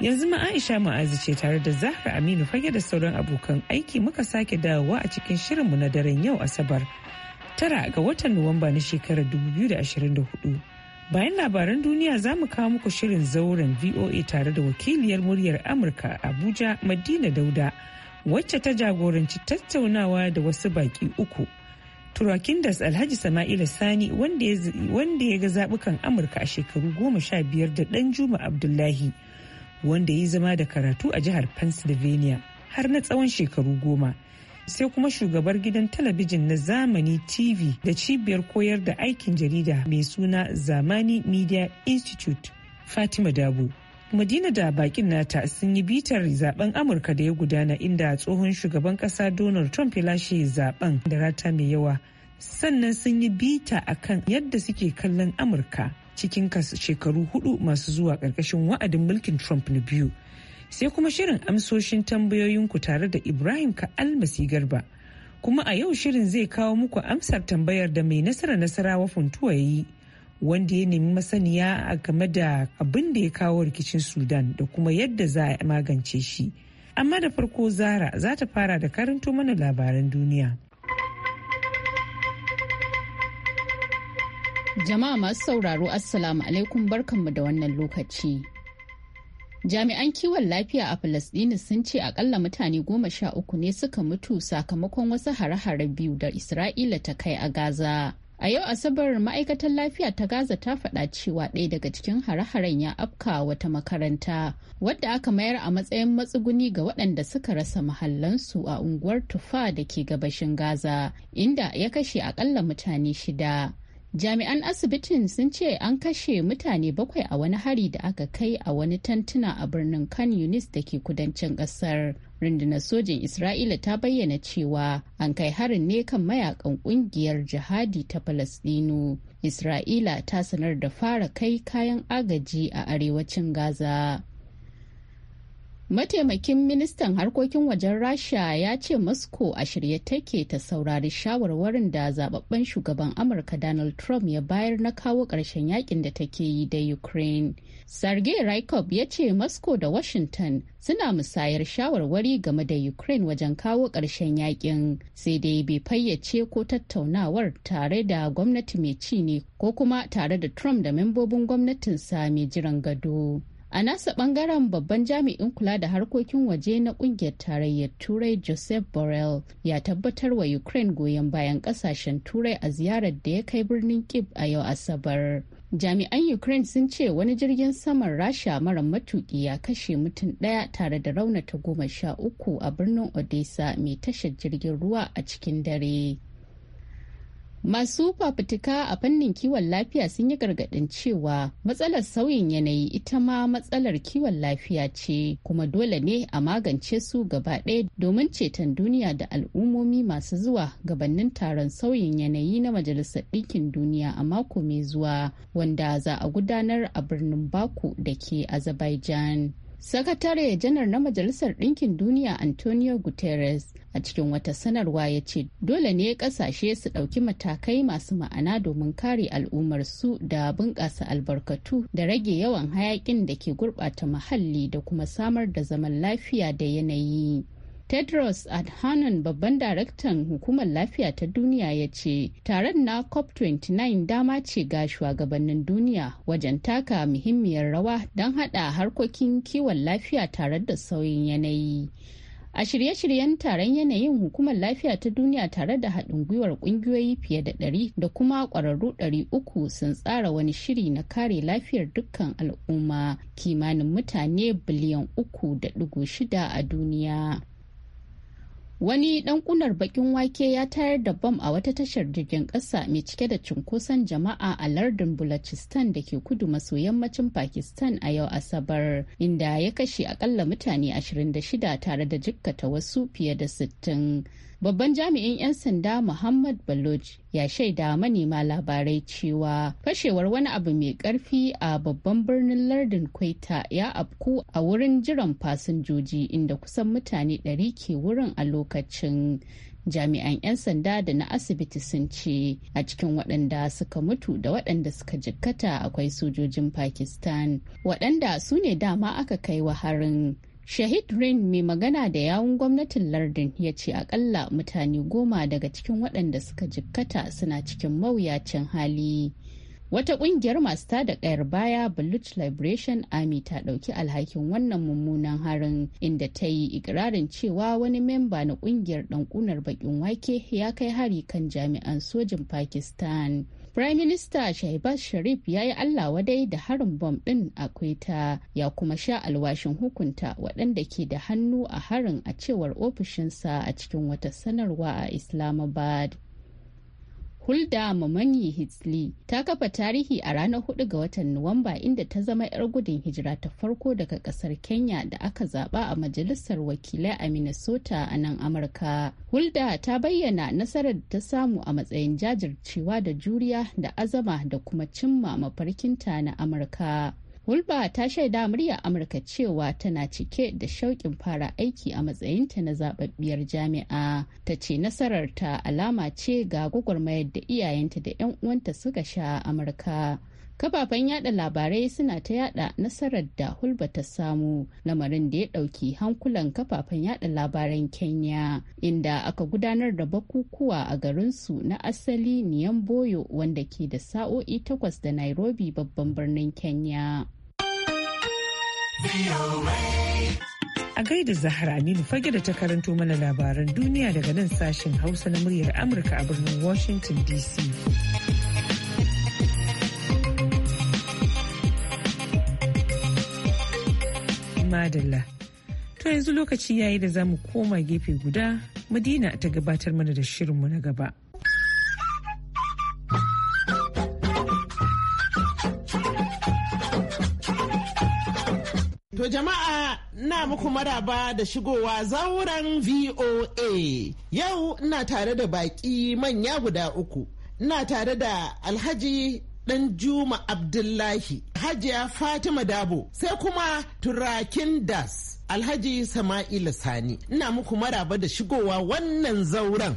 Yanzu ma Aisha ce tare da Zahra Aminu fage da sauran abokan aiki muka sake dawowa a cikin shirin mu na daren yau Asabar. Tara ga watan Nuwamba na shekarar 2024. Bayan labaran duniya za mu kawo muku shirin zauren VOA tare da wakiliyar muryar Amurka Abuja Madina Dauda wacce ta jagoranci tattaunawa da wasu baki uku. Turakindas Alhaji Sama'ila Sani wanda ya ga zaɓukan Amurka a shekaru goma sha biyar da ɗan Juma Abdullahi. wanda ya yi zama da karatu a jihar Pennsylvania har na tsawon shekaru goma. Sai kuma shugabar gidan talabijin na zamani TV da cibiyar koyar da aikin jarida mai suna Zamani Media Institute Fatima dabu Madina da bakin nata sun yi bitar zaben Amurka da ya gudana inda tsohon shugaban kasa Donald Trump ya lashe zaben da rata mai yawa. Sannan sun yi bita akan yadda suke kallon Amurka. cikin shekaru hudu masu zuwa ƙarƙashin wa'adin mulkin Trump na biyu. Sai kuma shirin amsoshin tambayoyinku tare da Ibrahim Ka'al Garba. Kuma a yau shirin zai kawo muku amsar tambayar da mai nasara nasarawa funtuwa ya yi, wanda ya nemi masaniya a game da abin da ya kawo rikicin Sudan da kuma yadda za a magance shi. Amma da farko Zara za ta fara da karanto mana labaran duniya. Jama'a masu sauraro Assalamu alaikum barkanmu da wannan lokaci. Jami'an kiwon lafiya a Falasdini sun ce akalla mutane goma sha uku ne suka mutu sakamakon wasu hare-hare biyu da Isra'ila ta kai a Gaza. A yau Asabar ma'aikatar lafiya ta Gaza ta faɗa cewa ɗaya daga cikin hare-haren ya afka wata makaranta wadda aka mayar a matsayin matsuguni ga waɗanda suka rasa mahallansu a unguwar Tufa da ke gabashin Gaza, inda ya kashe akalla mutane shida. jami'an asibitin sun ce an kashe mutane bakwai a wani hari da aka kai a wani tantuna a birnin kan yunis da ke kudancin kasar rundunar sojin isra'ila ta bayyana cewa an kai harin ne kan mayakan kungiyar jihadi ta falasdino isra'ila ta sanar da fara kai kayan agaji a arewacin gaza Mataimakin ministan harkokin wajen Rasha ya ce Moscow a shirye take ta saurari shawarwarin da zababben shugaban Amurka Donald Trump ya bayar na kawo ƙarshen yakin da take yi da Ukraine. Sergei Rykov ya ce Moscow da Washington suna musayar shawarwari game da Ukraine wajen kawo ƙarshen yakin sai dai bai fayyace ko tattaunawar tare da gwamnati mai ci ne ko kuma tare da Trump da membobin gwamnatinsa mai jiran gado. a nasa bangaren babban jami'in kula da harkokin waje na kungiyar tarayyar turai joseph borrell ya tabbatar wa ukraine goyon bayan kasashen turai a ziyarar da ya kai birnin kib a yau asabar jami'an ukraine sun ce wani jirgin saman rasha mara matuki ya kashe mutum daya tare da raunata goma sha uku a birnin odessa mai tashar jirgin ruwa a cikin dare Masu fafutuka a fannin kiwon lafiya sun yi gargaɗin cewa matsalar sauyin yanayi ita ma matsalar kiwon lafiya ce kuma dole ne a magance su gaba ɗaya domin ceton duniya da al'ummomi masu zuwa gabanin taron sauyin yanayi na Majalisar Ɗinkin Duniya a mako mai zuwa wanda za a gudanar a birnin Baku da ke Azerbaijan. Sakatare janar na Majalisar Ɗinkin Duniya Antonio Guterres a cikin wata sanarwa ya ce dole ne kasashe su ɗauki matakai masu ma'ana domin kare al'ummarsu da bunƙasa albarkatu da rage yawan hayakin da ke gurɓata muhalli da kuma samar da zaman lafiya da yanayi. Tedros Adhanom babban daraktan hukumar lafiya ta duniya ya ce taron na COP29 dama ce ga shugabannin duniya wajen taka muhimmiyar rawa don haɗa harkokin kiwon lafiya tare da sauyin yanayi. A shirye-shiryen taron yanayin hukumar lafiya ta duniya tare da haɗin gwiwar ƙungiyoyi fiye da ɗari da kuma ƙwararru ɗari uku sun tsara wani shiri na kare lafiyar dukkan al'umma kimanin mutane biliyan uku da ɗigo shida a duniya. Wani ɗan kunar bakin wake ya tayar da bam a wata tashar jirgin ƙasa mai cike da cunkoson jama'a a lardin Bulacistan da ke kudu maso yammacin Pakistan a yau Asabar, inda ya kashe akalla mutane 26 tare da jikkata wasu fiye da 60. babban jami'in 'yan sanda muhammad baloch ya shaida manema labarai cewa fashewar wani abu mai karfi a babban birnin lardin kwaita ya afku a wurin jiran fasinjoji inda kusan mutane 100 ke wurin a lokacin jami'an 'yan sanda da na asibiti sun ce a cikin waɗanda suka mutu da waɗanda suka jikkata akwai sojojin pakistan waɗanda su ne dama aka kai wa harin Shahid Rain mai magana da yawun gwamnatin lardin ya ce akalla mutane goma daga cikin waɗanda suka jikkata suna cikin mawuyacin hali. Wata ƙungiyar masu da ƙayar baya Bluch Liberation Army ta ɗauki alhakin wannan mummunan harin inda ta yi ikirarin cewa wani memba na ƙungiyar ɗan ƙunar baƙin wake ya kai hari kan jami'an sojin Pakistan. Prime Minister Shahbaz Sharif ya yi Allah wadai da harin bom ɗin a Kweta ya kuma sha alwashin hukunta waɗanda ke da hannu a harin a cewar ofishinsa a cikin wata sanarwa a Islamabad. Hulda Mamanyi Hitsley ta kafa tarihi a ranar hudu ga watan Nuwamba inda ta zama 'yar gudun hijira ta farko daga kasar Kenya da aka zaba a majalisar wakilai a Minnesota a nan Amurka. Hulda ta bayyana nasarar da ta samu a matsayin jajircewa da juriya da azama da kuma cimma mafarkinta na Amurka. hulba ta shaida murya Amurka cewa tana cike da shauƙin fara aiki a matsayinta na zababbiyar jami'a. Ta ce nasararta alama ce ga gwagwarmayar da iyayenta da 'yan uwanta suka sha a Amurka. kafafen yada labarai suna ta yada nasarar da hulba ta samu lamarin da ya dauki hankulan kafafen yada labaran kenya inda aka gudanar da bakukuwa a garinsu na asali niyan boyo wanda ke da sa'o'i takwas da nairobi babban birnin kenya a gaida zahra aminu fage da ta karanto mana labaran duniya daga nan sashen hausa na muryar amurka a birnin washington dc madalla. To yanzu lokaci ya yi da za mu koma gefe guda, Madina ta gabatar mana da shirinmu na gaba. To jama'a na muku maraba da shigowa zauren VOA. Yau ina tare da baƙi manya guda uku. Ina tare da Alhaji Ɗan Juma Abdullahi, Hajiya Fatima Dabo, sai kuma Turakin Das. Alhaji Sama'ila Sani ina muku maraba da shigowa wannan zauren.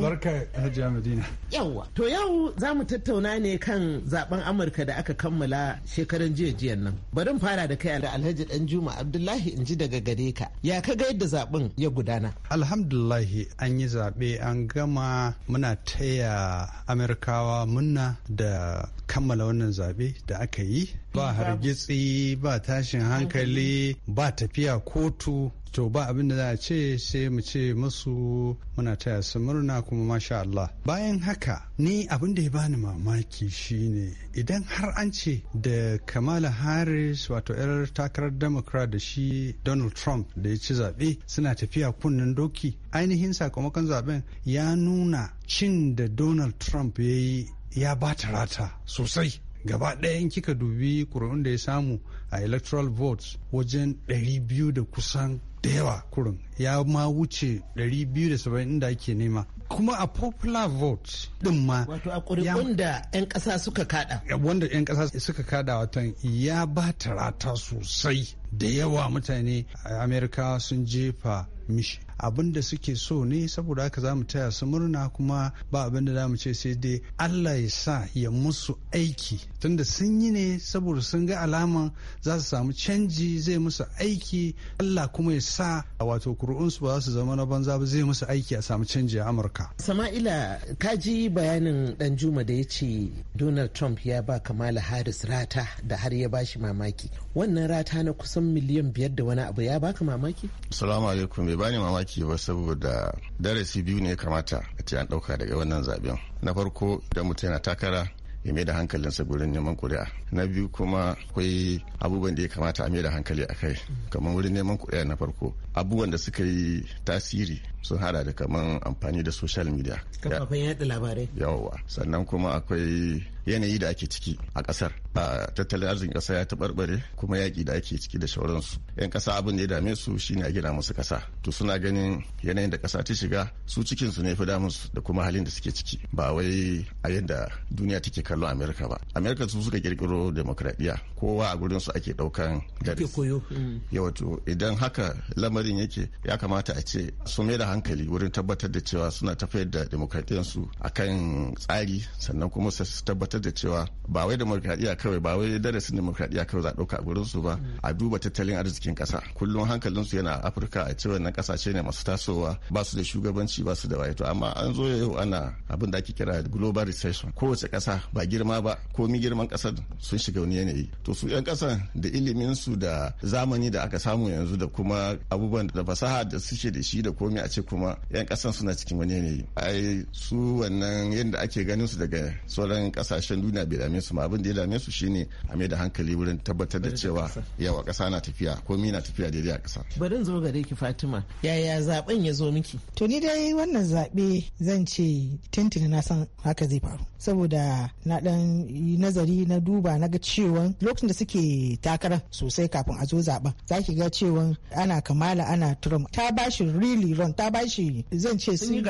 Barka Hajiya Madina. Yawwa to yau za mu tattauna ne kan zaben Amurka da aka kammala shekaran jiya jiyan nan. Bari fara da kai da Alhaji Danjuma Abdullahi in ji daga gare ka. Ya ka ga yadda zaben ya gudana? Alhamdullahi an yi zaɓe an gama muna taya Amurkawa munna da kammala wannan zaɓe da aka yi ba hargitsi ba tashin hankali ba tafiya kotu to ba abin da za a ce sai mu ce musu muna taya su murna kuma masha Allah bayan haka ni abin da ya bani mamaki shine idan har an ce da Kamala Harris wato yar takarar Democrat da shi Donald Trump da ya ci zaɓe suna tafiya kunnen doki ainihin sakamakon zaben ya nuna cin da Donald Trump ya yi ya bata rata sosai gaba ɗaya in kika dubi kurun da ya samu a electoral votes wajen 200 da kusan da yawa kurun ya ma wuce 270 da ake nema kuma a popular vote din ma wato a ƙuri'un da 'yan ƙasa suka kada wanda 'yan ƙasa suka kada watan ya ba ta rata sosai da yawa mutane a amerika sun jefa mishi abin da suke so ne saboda aka za mu taya su murna kuma ba abin da za mu ce sai dai allah ya sa ya musu aiki tunda sun yi ne saboda sun ga alaman za su samu canji zai musu aiki allah kuma ya sa wato kuri'unsu ba za su zama na banza ba zai musu aiki a samu canji a amurka sama'ila ka ji bayanin dan juma da ya ce donald trump ya ba kamala harris rata da har ya bashi mamaki wannan rata na kusan miliyan biyar da wani abu ya baka mamaki salamu alaikum bai bani mamaki mamaki ba saboda darasi biyu ne ya kamata a ce an ɗauka daga wannan zaben na farko idan mutum yana takara ya mai da hankalinsa gurin neman kuri'a na biyu kuma akwai abubuwan da ya kamata a mai da hankali a kai kamar wurin neman kuri'a na farko abubuwan da suka yi tasiri sun hada da kaman amfani da social media kafafen yada labarai yawwa sannan kuma akwai yanayi da ake ciki a kasar a tattalin arzikin kasa ya taɓarɓare kuma yaƙi da ake ciki da shauransu yan kasa abin da ya dame su shine a gina musu kasa to suna ganin yanayin da kasa ta shiga su cikin su ne fi damun da kuma halin da suke ciki ba wai a yadda duniya take kallo amerika ba amerika su suka kirkiro demokradiyya kowa a gurin su ake ɗaukan darasi mm. yawato idan haka lamarin yake ya kamata a ce su mai da hankali wurin tabbatar da cewa suna tafiyar da demokradiyyarsu a kan tsari sannan kuma su tabbatar da cewa ba wai demokradiyya kawai ba wai darasin demokradiyya kawai za a ɗauka a su ba a duba tattalin arzikin ƙasa kullum hankalinsu yana afirka a cewa na ƙasashe ne masu tasowa ba su da shugabanci ba su da wayato amma an zo yau ana abin da ake kira global recession kowace ƙasa ba girma ba komi girman ƙasar sun shiga wani yanayi to su 'yan ƙasan da ilimin su da zamani da aka samu yanzu da kuma abubuwan da fasaha da suke da shi da komi a ce ce kuma 'yan kasan suna cikin wani yanayi ai su wannan yadda ake ganin su daga sauran kasashen duniya bai dame su ma abin da ya dame su shine a mai da hankali wurin tabbatar da cewa yawa kasa na tafiya komi na tafiya daidai a kasa bari zo gare ki fatima yaya zaben ya zo miki to ni dai wannan zabe zan ce tuntuni na san haka zai faru saboda na dan nazari na duba na ga cewa lokacin da suke takara sosai kafin a zo zaben zaki ga cewa ana kamala ana trump ta bashi really run ta bashi zan ce sun yi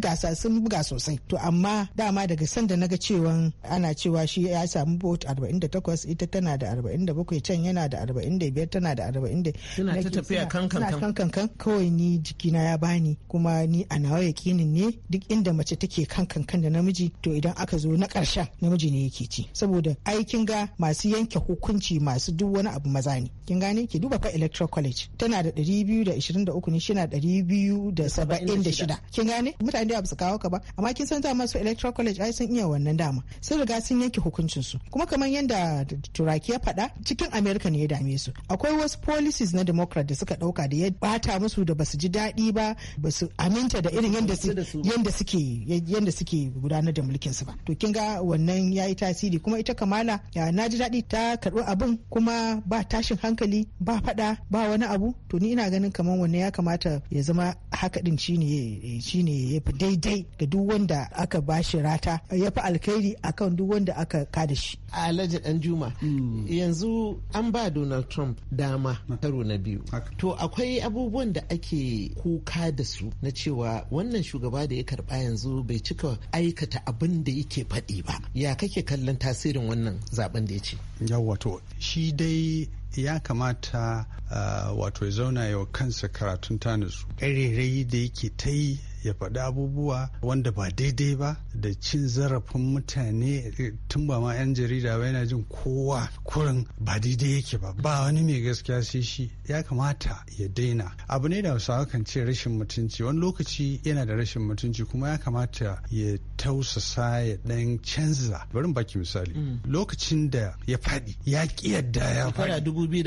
gasa sun buga sosai to amma dama daga sanda naga cewa ana cewa shi ya samu vote 48 ita tana da 47 can yana da 45 tana da 40 suna ta tafiya kan kan kawai ni jikina ya bani kuma ni a nawa yakinin ne duk inda mace take kan kan kan da namiji to idan aka zo na karshen namiji ne yake ci saboda aikin ga masu yanke hukunci masu duk wani abu maza ne kin gane ki duba fa electoral college tana da 223 ne shi na 200 da shida kin gane mutane da su kawo ka ba amma kin san dama su electoral college ai sun iya wannan dama sun riga sun yanke hukuncin su kuma kamar yadda turaki ya faɗa cikin america ne ya dame su akwai wasu policies na democrat da suka ɗauka da ya bata musu da basu ji daɗi ba basu aminta da irin yadda suke yadda suke gudanar da mulkin su ba to kin ga wannan yayi tasiri kuma ita kamala na ji daɗi ta karɓi abin kuma ba tashin hankali ba faɗa ba wani abu to ni ina ganin kamar wannan ya kamata ya zama haka din shine shine yafi daidai ga duk wanda aka bashi rata yafi alkhairi akan duk wanda aka kada shi alhaji dan juma hmm. yanzu an ba donald trump dama karo na biyu to akwai abubuwan da ake kuka da su na cewa wannan shugaba da ya karba yanzu bai cika aikata abin da yake faɗi ba ya kake kallon tasirin wannan zaben da ya ce yawa to shi dai ya kamata ah, wato ya zauna yau kansa karatun ta nutsu ƙarerayi da yake ta yi ya faɗi abubuwa wanda ba daidai ba da cin zarafin mutane tun ba ma 'yan jarida ba yana jin kowa kurin ba daidai yake ba ba wani mai gaskiya sai shi ya kamata ya daina abu ne da wasu kan ce rashin mutunci wani lokaci yana da rashin mutunci kuma ya kamata ya tausasa ya ɗan canza bari baki misali mm. lokacin da ya faɗi ya ƙi yadda ya faɗi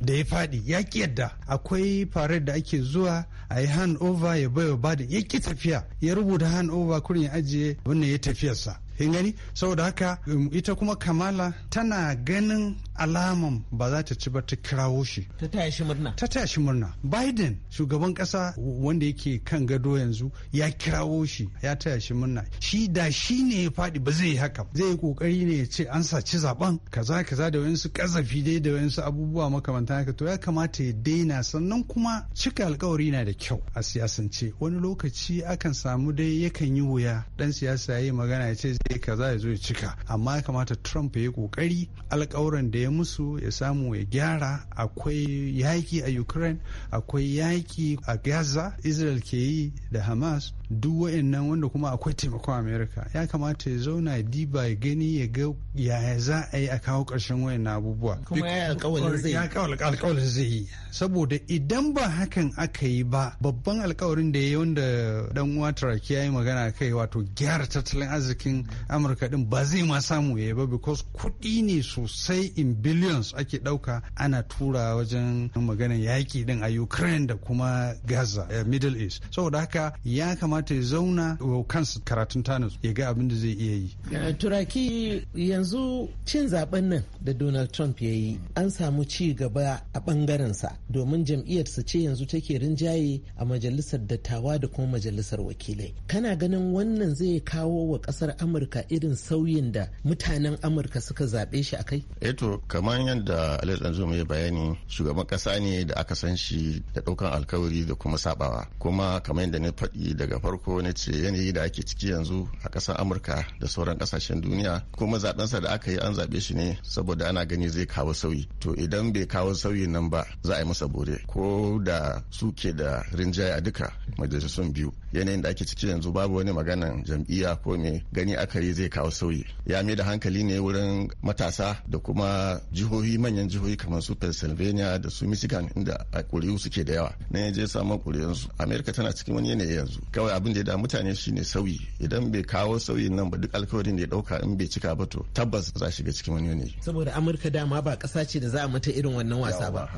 da ya faɗi ya ƙi yadda akwai farar da ake zuwa a yi hand over ya bai ba da ya ki tafiya ya rubuta hand over kurin ya ajiye wannan ya tafiyarsa kin gani saboda haka um, ita kuma kamala tana ganin alaman ba za ta ci ba ta kirawo shi ta taya shi murna biden shugaban kasa wanda yake kan gado yanzu ya kirawo shi ya taya shi murna shi da shi ne ya faɗi ba zai yi haka zai yi kokari ne ya ce an saci zaben kaza kaza da wayansu kazafi dai da wayansu abubuwa makamanta haka to ya kamata ya daina sannan kuma cika alkawari na da kyau a siyasance wani lokaci akan samu dai yakan yi wuya dan siyasa ya yi magana ya ce sai kaza ya zo ya cika amma ya kamata trump ya yi kokari alkawuran da ya musu ya samu ya gyara akwai yaki a ukraine akwai yaki a gaza israel ke yi da hamas duk wa'annan wanda kuma akwai taimakon amerika ya kamata ya zauna diba ya gani ya ga yaya za a yi a kawo ƙarshen wa'annan abubuwa kuma ya zai yi saboda idan ba hakan aka yi ba babban alkawarin da ya yi wanda dan uwa turaki ya yi magana kai wato gyara tattalin arzikin amurka din ba zai ma samu ya ba because kuɗi ne sosai in billions ake ɗauka ana tura wajen maganin yaƙi din a ukraine da kuma gaza eh, middle east saboda haka ya kamata ya zauna kansu karatun tanis ya ga abin da zai iya yi eh, turaki yanzu cin zaben nan da donald trump ya yi an samu ci gaba a ɓangarensa domin jam'iyyar sa ce yanzu take rinjaye a majalisar dattawa da kuma majalisar wakilai kana ganin wannan zai kawo wa ƙasar amurka amurka irin sauyin da mutanen amurka suka zaɓe shi a kai eto eh kamar yadda alex danzo mai bayani shugaban ƙasa ne da aka san shi da ɗaukan alkawari da kuma sabawa kuma kamar yadda na faɗi daga farko na ce yanayi da ake ciki yanzu a ƙasar amurka da sauran ƙasashen duniya kuma zaɓensa da aka yi an zaɓe shi ne saboda ana gani zai kawo sauyi to idan bai kawo sauyi nan ba za a yi masa bore ko da suke da rinjaye a duka majalisun biyu yanayin da ake ciki yanzu babu wani maganan jam'iyya ko me gani aka hankali zai kawo sauyi ya mai da hankali ne wurin matasa da kuma jihohi manyan jihohi kamar su pennsylvania da su michigan inda a kuriyu suke da yawa na yaje samun ƙuri'unsu amerika tana cikin wani yanayi yanzu kawai abin da ya da mutane shine sauyi idan bai kawo sauyin nan ba duk alkawarin da ya dauka in bai cika ba to tabbas za shiga cikin wani yanayi saboda amurka dama ba kasa ce da za a mata irin wannan wasa ba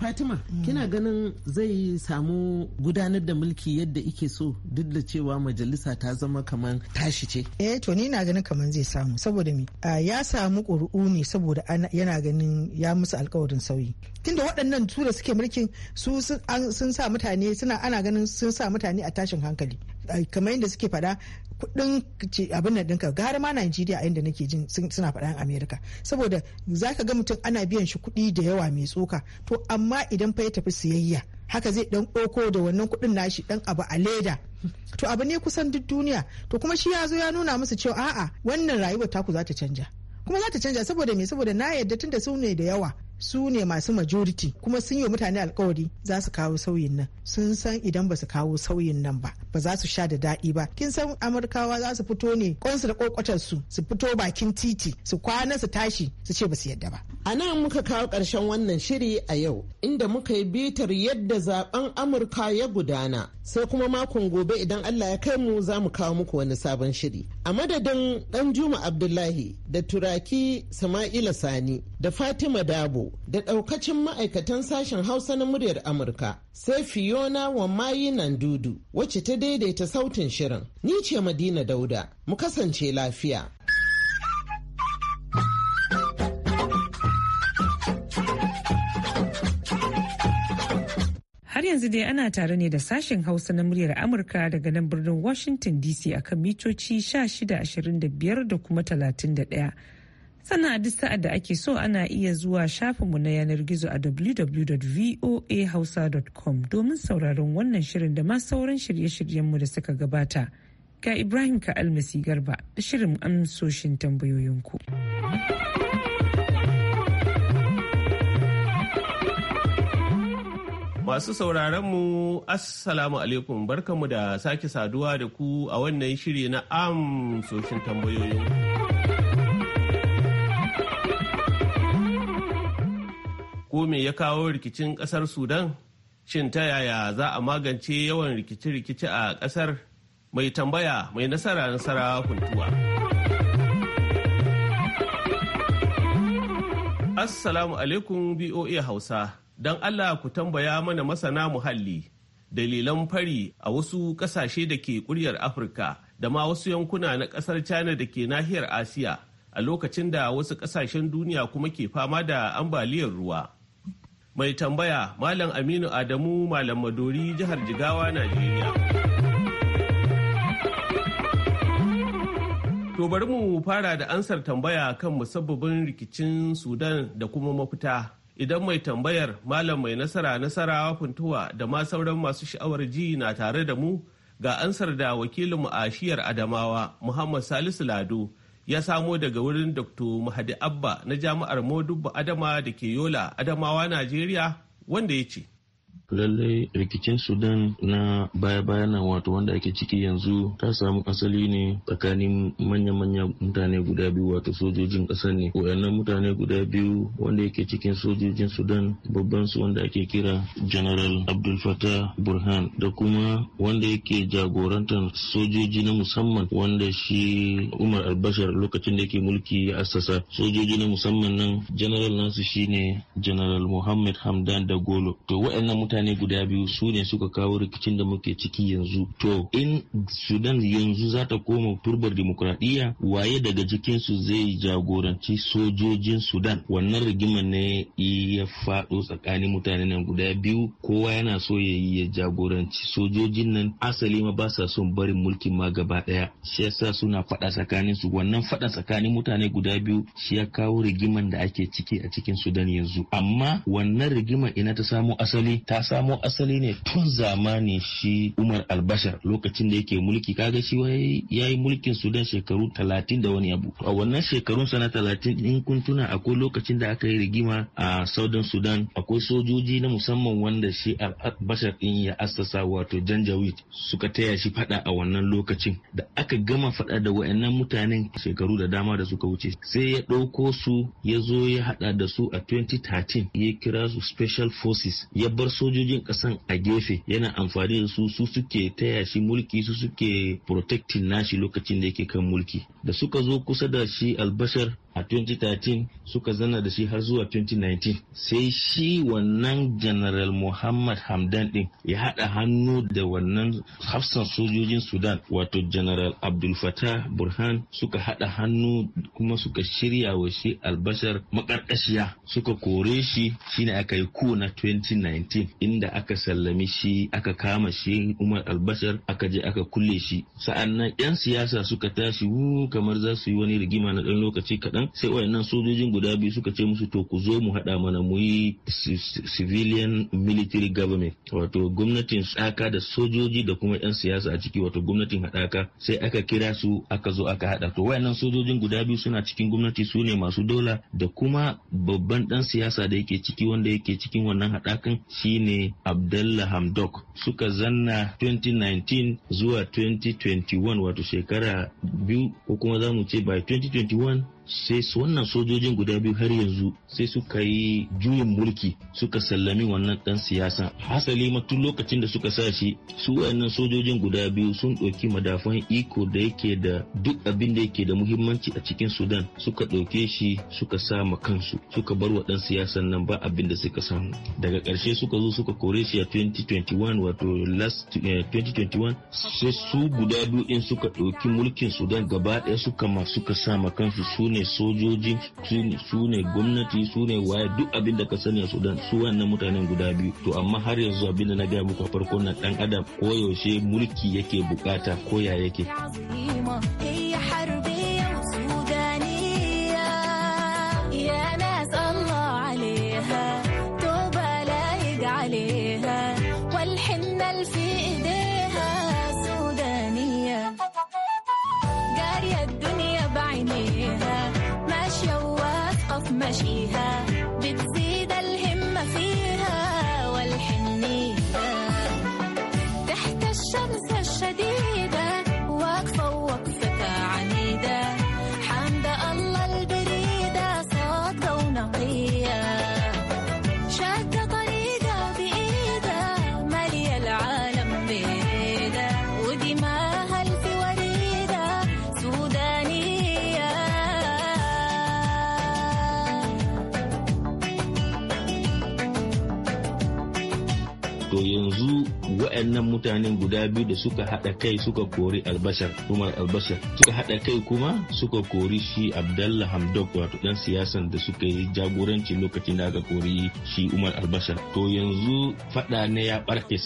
fatima kina ganin zai samu gudanar da mulki yadda ike so duk da cewa majalisa ta zama kamar tashi ce eh to ni ni ina ganin kamar zai samu saboda me ya samu ƙuri'u ne saboda yana ganin ya musu alkawarin sauyi tunda waɗannan su da suke mulkin su sun sa mutane suna ana ganin sun sa mutane a tashin hankali kamar yadda suke faɗa kudin abin nan ɗinka gara ma Najeriya a inda nake jin suna faɗa Amerika saboda zaka ga mutum ana biyan shi kuɗi da yawa mai tsoka to amma idan fa ya tafi siyayya haka zai dan ɗauko da wannan kuɗin nashi dan abu a leda to abu ne kusan duk duniya to kuma shi ya zo ya nuna musu cewa a'a wannan rayuwar taku za ta canja kuma za ta canja saboda me saboda na yarda tunda su ne da yawa su ne masu majority kuma sun yi mutane alkawari za su kawo sauyin nan sun san idan ba su kawo sauyin nan ba ba za su sha da daɗi ba kin san amurkawa za su fito ne kwansu da kokwatar su su fito bakin titi su kwana su tashi su ce ba su yadda ba a nan muka kawo ƙarshen wannan shiri a yau inda muka yi bitar yadda zaben amurka ya gudana sai kuma makon gobe idan allah ya kai mu za mu kawo muku wani sabon shiri a madadin dan juma abdullahi da turaki sama'ila sani da Fatima Dabo da ɗaukacin ma'aikatan sashen Hausa na muryar Amurka sai Fiona Wamayi Nandudu wacce ta daidaita sautin shirin. Ni ce Madina Dauda, mu kasance lafiya. Har yanzu dai ana tare ne da sashen Hausa na muryar Amurka daga nan birnin Washington DC akan mitoci 1625 da kuma 31. Sannan a duk sa'ad da ake so ana iya zuwa shafinmu na yanar gizo a www.voahausa.com domin sauraron wannan shirin da ma sauran shirye-shiryenmu da suka gabata. Ga Ibrahim ka almasi garba da shirin amsoshin tambayoyinku. Masu sauraronmu mu Assalamu alaikum barkanmu da sake saduwa da ku a wannan shiri na amsoshin tambayoyinku. Ko me ya kawo rikicin kasar Sudan? Shin ta yaya za a magance yawan rikici-rikici a kasar Mai tambaya mai nasara nasara kuntuwa. Assalamu alaikum BOA Hausa. Don Allah ku tambaya mana masana muhalli. dalilan fari a wasu kasashe da ke kuryar afirka da ma wasu yankuna na kasar china da ke nahiyar asiya a lokacin da wasu kasashen duniya kuma ke fama da ambaliyar ruwa mai tambaya malam aminu adamu malam madori jihar jigawa najeriya to bari mu fara da ansar tambaya kan musabbabin rikicin sudan da kuma mafita idan mai tambayar malam mai nasara nasara funtuwa da ma sauran masu sha'awar ji na tare da mu ga ansar da wakilinmu a shiyar adamawa muhammad salisu lado ya samo daga wurin dr mahadi abba na jami'ar modubba adama da ke yola adamawa najeriya wanda ya ce lallai rikicin sudan na baya-baya na wato wanda ake ciki yanzu ta samu asali ne tsakanin manya-manya mutane guda biyu wato sojojin ƙasar ne wayannan mutane guda biyu wanda yake cikin sojojin sudan babban su wanda ake kira general abdul fatah burhan da kuma wanda yake jagorantar sojoji na musamman wanda shi umar albashar lokacin da yake mulki ya assasa sojoji na musamman nan general nasu shine general muhammad hamdan da golo to wayannan mutane mutane guda biyu su ne suka kawo rikicin da muke ciki yanzu to in sudan yanzu za ta koma turbar dimokuraɗiyya waye daga cikinsu zai jagoranci sojojin sudan wannan rigima ne ya faɗo tsakanin mutane nan guda biyu kowa yana so ya yi jagoranci sojojin nan asali ma ba sa son barin mulkin ma gaba ɗaya shi yasa suna faɗa tsakanin su wannan faɗa tsakanin mutane guda biyu shi ya kawo rigiman da ake ciki a cikin sudan yanzu amma wannan rigimar ina ta samo asali ta samo asali ne tun zamani shi Umar Albashar lokacin da yake mulki kaga shi wai yayi mulkin Sudan shekaru talatin da wani abu. A wannan shekarun sana talatin in kun tuna akwai lokacin da aka yi rigima a Southern Sudan akwai sojoji na musamman wanda shi Albashar din ya assasa wato Janjaweed suka taya shi fada a wannan lokacin da aka gama fada da wayannan mutanen shekaru da dama da suka wuce sai ya dauko su ya zo ya hada da su a 2013 ya kira su Special Forces ya bar sojoji sojojin kasan a gefe yana amfani da su su suke taya shi mulki su suke protecting nashi lokacin da yake kan mulki da suka zo kusa da shi albashar a 2013 suka zana da shi har zuwa 2019 sai shi wannan general muhammad hamdan din ya haɗa hannu da wannan hafsan sojojin sudan wato general abdul fatah burhan suka haɗa hannu kuma suka shirya wa shi albashar makarkashiya suka kore shi shine aka yi ku na 2019 inda aka sallami shi aka kama shi umar albashar aka je aka kulle shi Sa'annan 'yan siyasa suka tashi wu kamar za su yi wani rigima na ɗan lokaci kaɗan kenan sai wayannan sojojin guda biyu suka ce musu to ku zo mu haɗa mana mu yi civilian military government wato gwamnatin tsaka da sojoji da kuma 'yan siyasa a ciki wato gwamnatin haɗaka sai aka kira su aka zo aka haɗa to wayannan sojojin guda biyu suna cikin gwamnati su ne masu dola da kuma babban ɗan siyasa da yake ciki wanda yake cikin wannan haɗakan shine Abdullah Hamdok suka zanna 2019 zuwa 2021 wato shekara biyu ko kuma za mu ce by 2021 sai su wannan sojojin guda biyu har yanzu sai suka yi juyin mulki suka sallami wannan dan siyasa hasali ma tun lokacin da suka sa shi su wayannan sojojin guda biyu sun ɗauki madafan iko da yake da duk abin da yake da muhimmanci a cikin sudan suka ɗauke shi suka sa ma kansu suka bar wa dan siyasan nan ba abin da suka samu daga karshe suka zo suka kore shi a 2021 wato last 2021 eh, sai su guda biyu in suka ɗauki mulkin sudan gaba ɗaya suka ma suka sa ma kansu su ne sojoji su ne gwamnati su ne waye duk abin da ka sani a sudan su wannan mutanen guda biyu to amma har yanzu abin da na gaya muku a farko na dan adam koyaushe mulki yake bukata koya yake مشيها waɗannan mutanen guda biyu da suka haɗa kai suka kori albashar umar albashar suka haɗa kai kuma suka kori shi abdallah hamdok wato ɗan siyasan da suka yi jagoranci lokacin da aka kori shi umar albashar to yanzu faɗa ne ya ɓarke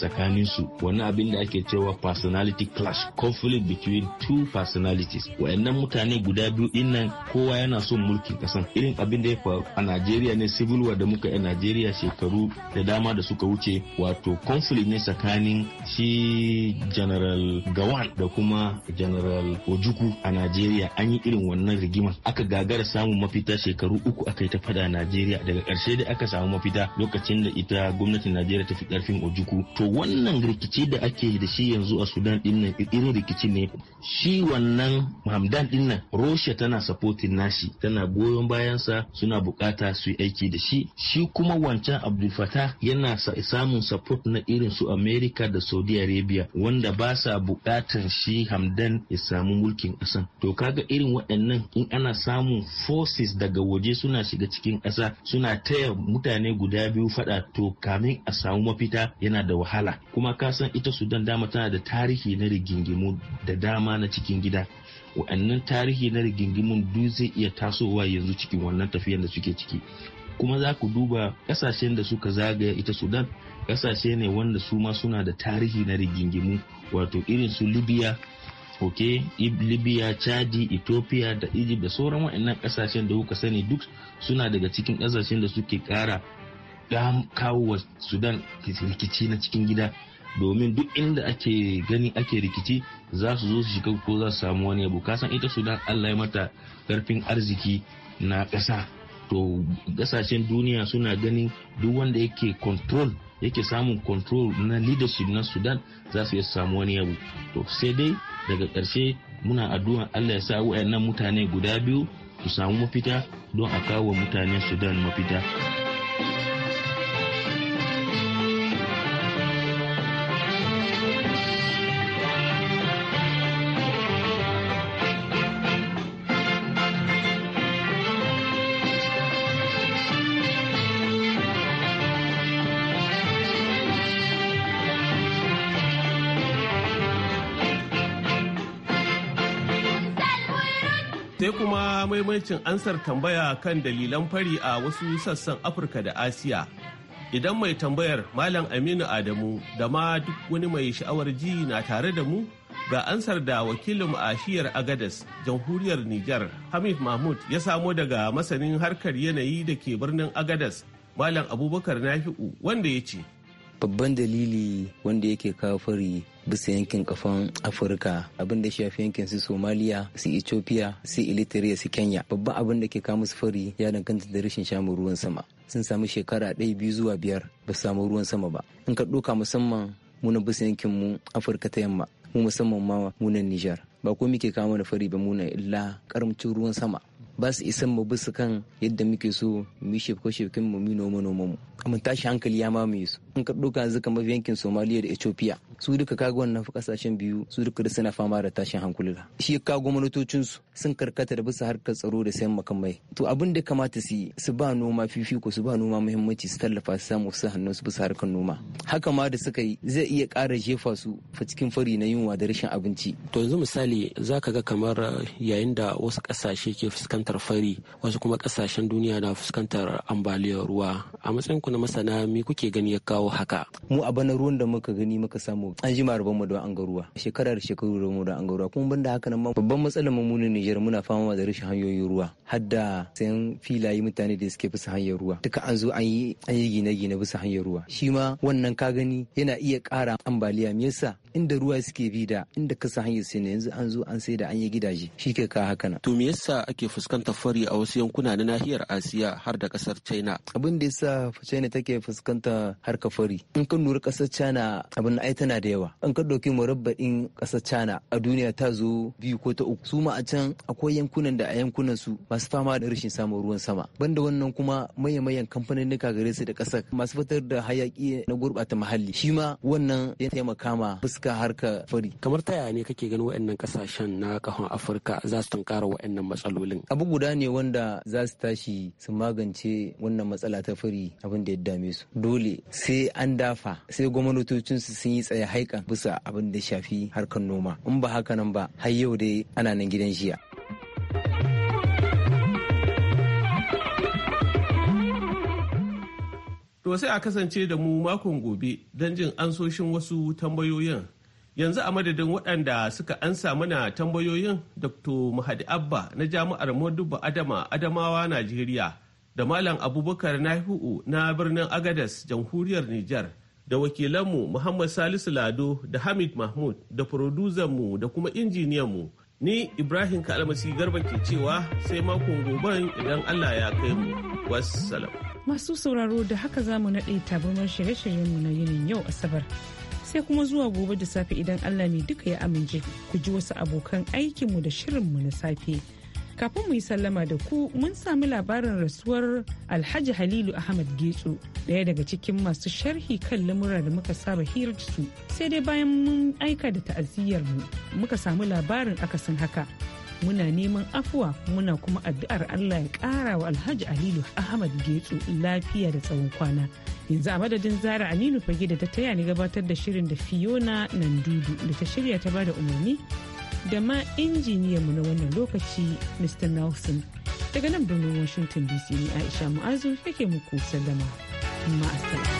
su wani abin da ake cewa personality clash conflict between two personalities waɗannan mutane guda biyu nan kowa yana son mulkin kasan irin abin da ya faru a najeriya ne civil war da muka yi a najeriya shekaru da dama da suka wuce wato conflict ne tsakanin shi general gawan da kuma general ojuku a najeriya an yi irin wannan rigima aka gagara samun mafita shekaru uku aka yi ta fada a najeriya daga karshe da aka samu mafita lokacin da ita gwamnatin najeriya ta fi karfin ojuku to wannan rikici da ake da shi yanzu a sudan din nan irin rikici ne shi wannan hamdan din nan Russia tana supporting nashi tana goyon bayansa suna bukata su yi aiki da shi shi kuma wancan abdul fatah yana samun support na irin su america da su saudi arabia wanda ba sa bukatan shi hamdan ya samu mulkin ƙasan to kaga irin waɗannan in ana samun forces daga waje suna shiga cikin ƙasa suna taya mutane guda biyu faɗa to kamin a samu mafita yana da wahala kuma ka san ita sudan dama tana da tarihi na rigingimu da dama na cikin gida waɗannan tarihi na rigingimun duk zai iya tasowa yanzu cikin wannan tafiyar da suke ciki kuma za ku duba kasashen da suka zagaya ita sudan kasashe ne wanda su ma suna da tarihi na rigingimu wato irin su libya ok libya chadi ethiopia da egypt da sauran waɗannan kasashen da kuka sani duk suna daga cikin kasashen da suke kara kawo wa sudan rikici na cikin gida domin duk inda ake gani ake rikici za su zo su shiga ko za su samu wani abu kasan ita sudan allah ya mata karfin arziki na ƙasa to kasashen duniya suna ganin duk wanda yake control yake samun control na leadership na sudan za su iya samu wani abu to sai dai daga karshe muna addu'a allah ya sa wayannan mutane guda biyu su samu mafita don a kawo mutanen sudan mafita. lokacin ansar tambaya kan dalilan fari a wasu sassan Afirka da Asiya. Idan mai tambayar Malam Aminu Adamu da ma duk wani mai sha'awar ji na tare da mu ga ansar da wakilin a shiyar Agadas, jamhuriyar Nijar, Hamid Mahmud ya samo daga masanin harkar yanayi da ke birnin Agadas, Malam Abubakar Nafi'u wanda ya ce. babban dalili wanda yake kawo fari bisa yankin kafan afirka abin da shafi yankin su somaliya su ethiopia su eritrea su kenya babban abin da ke kawo musu fari ya danganta da rashin shamun ruwan sama sun samu shekara ɗaya biyu zuwa biyar ba su samu ruwan sama ba in ka ɗauka musamman munan bisa yankin mu afirka ta yamma mu musamman ma munan nijar ba ko muke kawo mana fari ba muna illa karamcin ruwan sama ba su isan mu bisa kan yadda muke so mu shefke shefken mu mu noma noma mu kamar tashi hankali ya mamaye su in ka ɗauka yanzu kamar yankin somaliya da ethiopia su duka kago wannan kasashen biyu su duka da suna fama da tashin hankula shi ka gwamnatocin su sun karkata da bisa harkar tsaro da sayan makamai to abin da kamata su yi su ba noma fifiko su ba noma muhimmanci su tallafa su samu su hannun su bisa harkar noma haka ma da suka yi zai iya ƙara jefa su fa cikin fari na yunwa da rashin abinci to yanzu misali zaka ga kamar yayin da wasu kasashe ke fuskantar fari wasu kuma kasashen duniya na fuskantar ambaliyar ruwa a matsayin ku na masana me kuke gani ya kawo haka mu a bana ruwan da muka gani muka samu an jima rabon mu don an ga ruwa shekarar shekaru mu don an ga ruwa kuma banda haka nan babban matsalar mu ne Niger muna fama da rashin hanyoyin ruwa har da sayan filaye mutane da suke bisa hanyar ruwa duka an zo an yi an yi gine-gine bisa hanyar ruwa shi ma wannan ka gani yana iya ƙara ambaliya me yasa inda ruwa suke bi da inda kasa hanyar sai ne yanzu an zo an sai da an yi gidaje shi ke ka haka na. to me yasa ake fuskantar fari a wasu yankuna na nahiyar asiya har da kasar china abin da yasa china take fuskanta harka fari in ka lura kasar china abin ai tana da yawa an ka ɗauki murabba'in kasar china a duniya ta zo biyu ko ta uku su ma a can akwai yankunan da a yankunan su masu fama da rashin samun ruwan sama banda wannan kuma mayan kamfanin gare su da kasar masu fitar da hayaki na gurɓata muhalli shi ma wannan ya taimaka ma fuska harka fari kamar ta yaya ne kake ganin waɗannan kasashen na kahon afirka za su tunkara waɗannan matsalolin abu guda ne wanda za su tashi su magance wannan matsala ta fari abin da ya dame su dole sai an dafa sai gwamnatocinsu sun yi tsaye haikan bisa abin da shafi harkar noma in ba haka nan ba har yau dai ana nan gidan jiya. To sai a kasance da mu makon gobe don jin ansoshin wasu tambayoyin. Yanzu a madadin waɗanda suka ansa mana tambayoyin Dr. Mahadi Abba na Jami'ar Modubba Adama Adamawa Najeriya da Malam Abubakar Nahiu na birnin Agadas Jamhuriyar Nijar da wakilanmu Muhammad Salisu Lado da Hamid Mahmud da mu da kuma injiniyanmu Ni Ibrahim Kalmasi Garba ke cewa sai makon gobe idan Allah ya kai mu. Wassalam. Masu sauraro da haka za mu naɗe tabarmar shirye-shiryenmu na yinin yau Asabar. Sai kuma zuwa gobe da safe idan Allah mai duka ya amince ku ji wasu abokan aikinmu da shirinmu na safe. kafin mu yi sallama da ku mun sami labarin rasuwar alhaji halilu ahmad getso daya daga cikin masu sharhi kan lamura da muka saba hirar su sai dai bayan mun aika da ta'aziyyar mu muka samu labarin akasin haka muna neman afuwa muna kuma addu'ar allah ya kara wa alhaji halilu ahmad getso lafiya da tsawon kwana yanzu a madadin zara aminu fage da ta taya ni gabatar da shirin da fiona nandudu da ta shirya ta bada umarni da ma mu na wannan lokaci Mr. Nelson. Daga nan birnin Washington DC ne Aisha Mu'azu take muku sallama. Ma'asala.